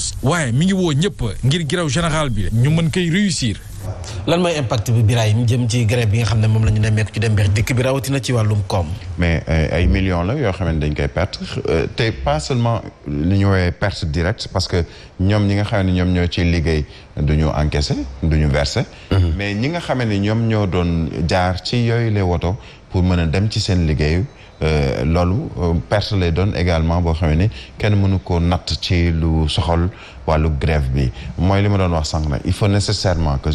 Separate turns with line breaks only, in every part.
réponse waaye mi ngi woo ñëpp ngir giraw générale bi ñu mën koy réussir. lan mooy impact bi Birahim jëm ci grève bi nga xam ne moom la ñu nemmeeku ci dem beex dikk bi rawatina ci wàllum koom.
mais euh, ay millions la yoo xam ne dañ koy perte euh, te pas seulement li ñu woowee perte direct parce que ñoom ñi nga xam ne ñoom ñoo ciy liggéey du ñu encaissé du ñu versé. Mhm. mais ñi nga xam ne ñoom ñoo doon jaar ci yooyu les woto pour mën a dem ci seen liggéey. Euh, loolu euh, perte lay doon également boo xamee ni kenn mënu ko natt ci lu soxal wàllu grève bi mooy li ma doon wax sànq nag il faut nécessairement que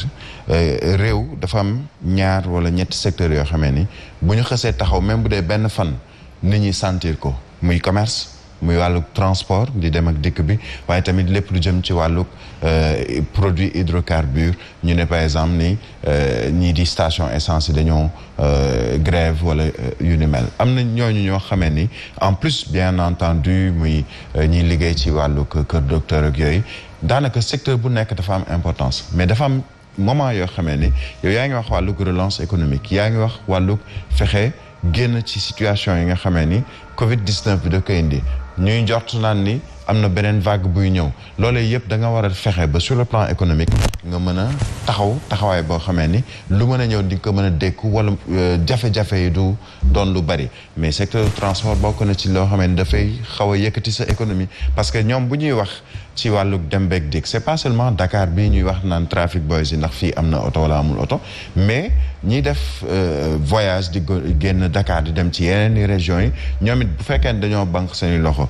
euh, réew dafa am ñaar wala ñetti secteurs yoo xamee ni bu ñu xësee taxaw même bu dee benn fan nit ñi sentir ko muy commerce muy wàlluk transport di dem ak dikk bi waaye tamit lépp lu jëm ci wàlluk euh, produit hydrocarbure ñu ne par exemple ni euh, ñii di station essence yi dañoo euh, grève wala yu ni mel am na ñooñu ñoo xamee ni en plus bien entendu muy ñiy liggéey ci wàlluk kër docteur ak yooyu daanaka secteur bu nekk dafa am importance mais dafa am moment yoo xamee ni yaa ngi wax wàlluk relance économique yaa ngi wax wàlluk fexe génn ci situation yi nga xamee ni covid 19 bi da koy indi ñuy njort naan am na beneen vague buy ñëw loole yëpp da nga war a fexe ba sur le plan économique nga mën a taxaw taxawaay boo xamee ni lu mën a ñëw di nga ko mën a dékku wala euh, jafe-jafe yi du doon lu bari mais secteur transport bokk na ci loo xamee ni dafay xaw yëkkati sa économie parce que ñoom bu ñuy wax ci wàllu dem beeg dikk c'est pas seulement Dakar bii ñuy wax naan trafic boys yi ndax fii am na oto wala amul oto mais ñiy def euh, voyage di génn Dakar di dem ci yeneen i régions yi ñoom it bu fekkee ne dañoo banque seeni loxo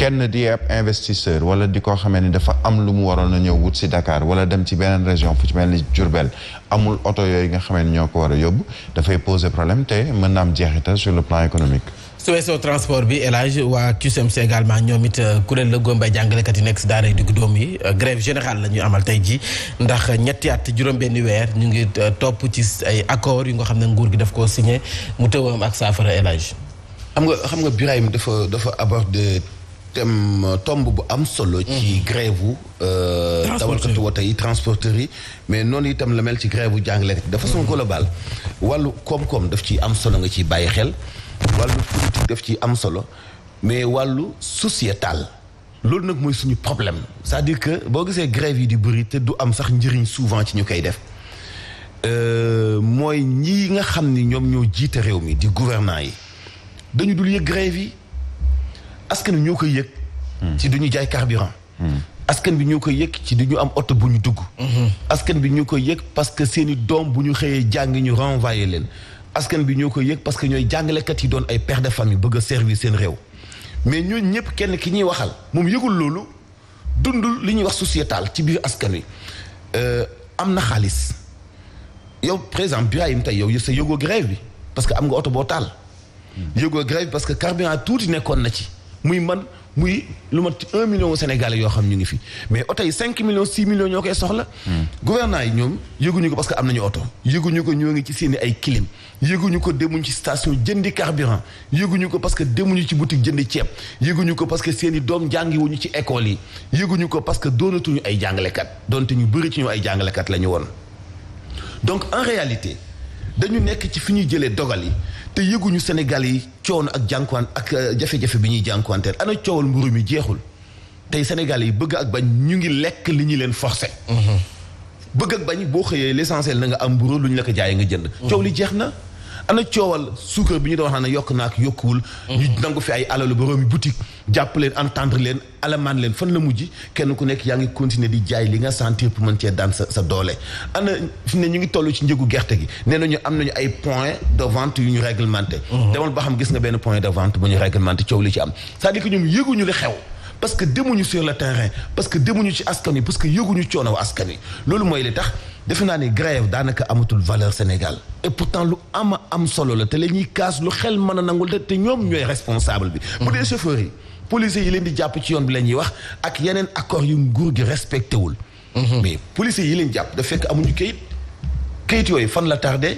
kenn di ab investisseur wala di koo xamee ni dafa am lu mu waroon a ñëw wut si Dakar wala dem ci beneen région fu ci mel ni Diourbel amul oto yooyu nga xamee ni ñoo ko war a yóbbu dafay poser problème te mën na am jeexital sur le plan économique. su
weesoo transport bi El waa waa CUSEMS également ñoom it euh, kuréel la góombay jàngalekat yi nekk si daaray yi diggu doom yi euh, grève générale la ñuy amal tey ji ndax ñetti at juróom-benni weer ñu ngi euh, topp ci ay accords yu nga xam ne nguur gi daf koo signé mu tëwoon ak saafara El Hadj.
xam nga xam nga dafa dafa aborder tem euh, tomb bu am solo. Mm. ci grève wu. Euh, dawalkatu woto yi transporteurs yi mais noonu itam la mel ci grève wu jàngalekat yi de façon mm-hmm. globale wàllu koom-koom daf ciy am solo nga ciy bàyyi xel wàllu politique daf ci am solo mais wàllu sociétal loolu nag mooy suñu problème c'est-à-dire que boo gisee grève yi di bëri te du am sax njëriñ souvent ci ñu koy def euh, mooy ñi nga xam ni ñoom ñoo jiite réew mi di gouvernants yi dañu dul yëg grève yi. askan bi ñoo koy yëg. ci du ñu jaay carburant. askan bi ñoo koy yëg ci du ñu am oto bu ñu dugg. askan bi ñoo koy yëg parce que seen i doom bu ñu xëyee jàng ñu renvoyé leen. askan bi ñoo koy yëg parce que ñooy jàngalekat yi doon ay père de famille bëgg a seen réew. mais ñooñu ñëpp kenn ki ñuy waxal moom yëgul loolu dundul li ñuy wax societal ci biir askan wi euh, am na xaalis yow par exemple Birahim tey yow sa yëgoo grève bi parce que am nga oto boo taal. yëgoo grève bi parce que carburant tuuti nekkoon na ci. muy man muy lu mat un million Sénégalais yoo xam ñu ngi fi mais oto yi cinq millions six millions ñoo koy soxla. Hmm. gouvernement yi ñoom yëguñu ko parce que am nañu oto. yëguñu ko ñoo ngi ci seeni ay clim yëguñu ko demuñ ci station jëndi carburant yëguñu ko parce que demuñu ci boutique jëndi ceeb yëguñu ko parce que seeni doom jàngiwuñu ci école yi yëguñu ko parce que doonatuñu ay jàngalekat donte ñu bëri ci ñu ay jàngalekat la ñu woon donc en réalité dañu nekk ci fi ñuy jëlee dogal yi. te yëguñu Sénégal yi coono ak jànkuwaan ak euh, jafe-jafe bi ñuy jànkuwanteel ana coowal mburu mi jeexul tey Sénégal yi bëgg ak bañ ñu ngi lekk li ñu leen forcé mhm. bëgg ak bañ boo xëyee l'essentiel na nga am mburu lu ñu la ko jaayee nga jënd mhm. coow li jeex na ana coowal suukar bi ñu doon wax ne yokk naak yokkuwul. ñu mm-hmm. nangu fi ay alalu boroomi boutique jàpp leen entendre leen alamaan leen fan la mujj kenn ku nekk yaa ngi continuer di jaay li nga sentir pour mën cee daan sa sa doole. ana ne ñu ngi toll ci njëgu gerte gi nee nañu am nañu ay point de vente yu ñu réglementé. Mm-hmm. demal ba xam gis nga benn point de vente bu ñu réglementé coow li ci am c'est-à-dire ñoom yëguñu li xew. parce que demuñu sur le terrain que demuñu ci askan wi parce que yëguñu coono askan wi loolu mooy li tax defe naa ni grève daanaka amatul valeur Sénégal et pourtant lu ama am solo la te la ñuy kaas lu xel mën a nangul te ñoom ñooy responsable bi mmh. bu dee chauffeurs yi policiers yi leen di jàpp ci yoon bi la wax ak yeneen accords yu nguur gi respecté wul mmh. mais policiers yi leen jàpp da fekk amuñu kayit kayit yooyu fan la tardé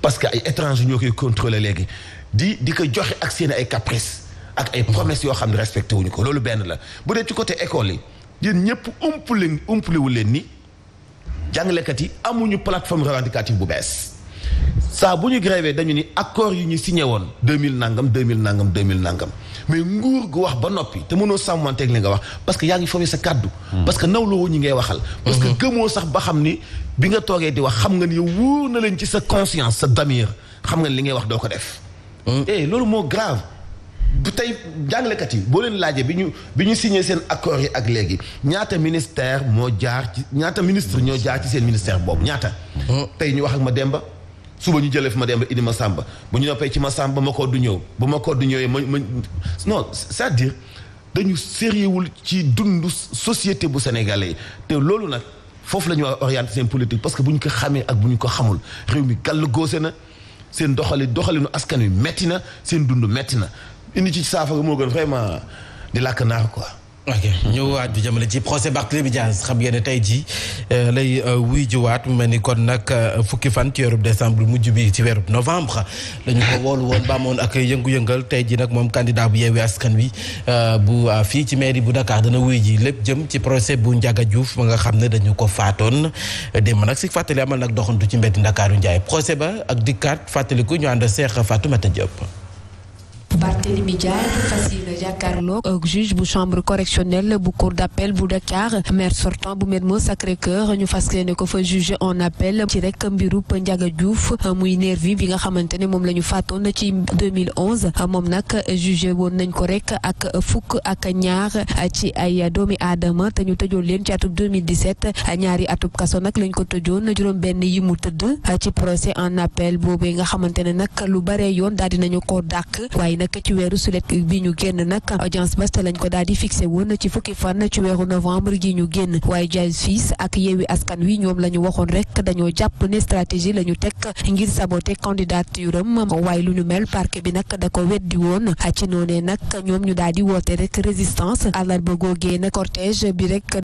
parce que ay étrangers ñoo koy contrôler léegi di di ko joxe ak ay caprice ak ay promesses yoo xam ne respecté wuñu ko loolu benn la bu dee ci côté école yi yéen ñëpp umpale umpalewu leen ni jàngalekat amuñu plateforme revendicative bu bees saa bu ñu grévé dañu ni accord yu ñu signé woon 2000 nangam 2000 nangam 2000 nangam mais nguur gu wax ba noppi te mënoo sàmmanteeg li nga wax parce que yaa ngi foofee sa kàddu hmm. parce que nawloo ñi ngay waxal parce que hmm. gëmoo sax ba xam ni bi nga toogee di wax xam nga ni yow na leen ci sa conscience sa damir xam nga li ngay wax doo ko def hmm. eh, loolu moo grave bu tey jàngalekat yi boo leen laajee bi ñu bi ñu signé seen accords yi ak léegi ñaata ministère moo jaar ci ñaata ministre ñoo jaar ci seen ministère boobu ñaata. Oh. tey ñu wax ak ma Demba suba ñu jëlee fi ma Demba indi ma sàmba bu ñu noppee ci ma Samba ma ko du ñëw ba ma ko du ñëwee ma ma non c'est-à-dire dañu sériewul ci dundu société bu sénégalais te loolu nag foofu la ñu war orienté seen politique parce que bu ñu ko xamee ak bu ñu ko xamul réew mi gàll góose na seen doxali doxalinu askan wi metti na seen dund metti na indi ci saafara moo gën vraiment di làkk naa quoi. ok ñëwaat bi jëmale ci procès
Barthélémy Dias xam tey jii euh, lay euh, wuy jiwaat mel ni kon nag euh, fukki fan ci weerub décembre mujj bi ci weerub novembre dañu ko woon ba ak yëngu-yëngal tey jii nag moom candidat bu yeewi askan wi bu fii ci mairie bu Dakar dana wuy ji lépp jëm ci procès bu Ndiaga Diouf ma nga xam ne dañu ko faatoon démb nag si fàttali amal nag doxantu ci mbedd Ndakaaru Ndiaye procès ba ak dikkaat fàttaliku ñu ànd seex fàttumate Diop
Barthélémy Diagne fas yéene jàkkaarloo euh, juge bu chambre correctionnelle bu cour d'appel bu Dakar maire sortant bu Mermoz Sacré-Cœur ñu fas yéene ko fa juger en appel ci rek mbiru Ndiaga Diouf muy nervi bi nga xamante ne moom la ñu fàttoon ci 2011 moom nag jugé woon nañ ko rek ak fukk ak ñaar ci ay doomi aadama te ñu tëjoon leen ci atub 2017 ñaari atub kaso nag lañ ko tëjoon juróom-benn yi mu tëdd ci procès en appel boobu nga xamante ne nag lu bare yoon daal dinañu ko dàq waaye nag ci weeru sulet bi ñu génn nag audience ba lañ ko daal di fixé woon ci fukki fan ci weeru novembre gi ñu génn waaye Dias Fils ak Yewwi Askan Wi ñoom la ñu waxoon rek dañoo jàpp ne stratégie la ñu teg ngir saboter candidature am waaye lu ñu mel parquet bi nag da ko weddi woon ci noonee nag ñoom ñu daal di woote rek résistance àllarba googee na cortège bi rek.